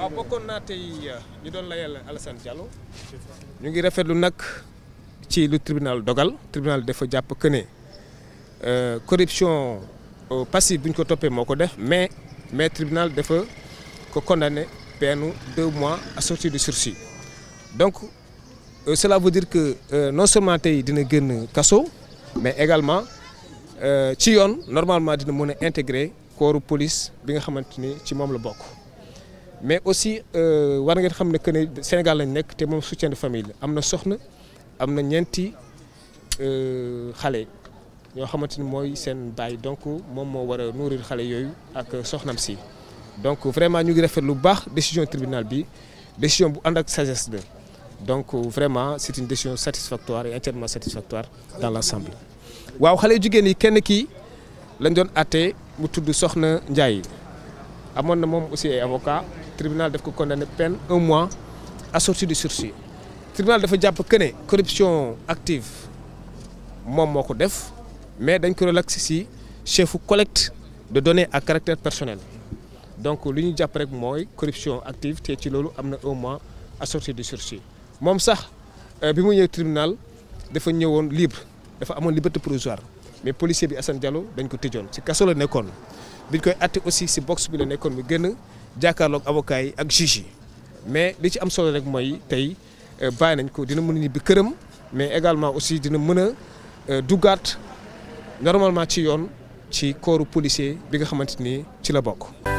waaw kon naa tey ñu doon layal Alassane Diallo ñu ngi rafetlu nag ci lu tribunal dogal tribunal dafa jàpp que ne euh, corruption passive bu ñu ko toppee moo ko def mais mais tribunal dafa ko condamné peine deux mois assorti de sursis donc euh, cela veut dire que euh, non seulement tey dina génn kaso mais également euh, ci yoon normalement dina mën a intégrer corps police bi nga xamante ni ci moom la bokk. mais aussi euh, war ngeen xam ne que ne Sénégal lañ nekk te moom soutien de famille la am na soxna am na ñeenti euh, xale ñoo xamante ni mooy seen baay donc moom moo war a nourrir xale yooyu ak soxnam si. donc vraiment ñu ngi rafet lu baax décision tribunal bi décision bu ànd ak sagesse la donc vraiment c'est une décision satisfactoire et entièrement satisfactoire dans l'ensemble. waaw xale jigéen yi kenn kii lañ doon àtte mu tudd Soxna Ndiaye amoon na moom aussi ay tribunal daf ko condamné peine un mois assorti de sursis tribunal dafa jàpp que ne corruption active moom moo ko def mais dañ ko relax si chefu de données à caractère personnel donc li ñu jàpp rek mooy corruption active te ci loolu am na un mois assorti de sursis moom sax euh, bi mu ñëw tribunal dafa ñëwoon libre dafa amoon liberté provisoire mais policier bi Assane Diallo dañ ko tëjoon ci kaso la nekkoon biñ koy àtte aussi ci box bi la nekkoon mu génn jàkkaarloog avocat ak juge mais li ci am solo rek mooy tey euh, bàyyi nañ ko dina mën a ñibbi këram mais également aussi dina mën a euh, duggaat normalement ci yoon ci corps policier bi nga xamante ni ci la bokk.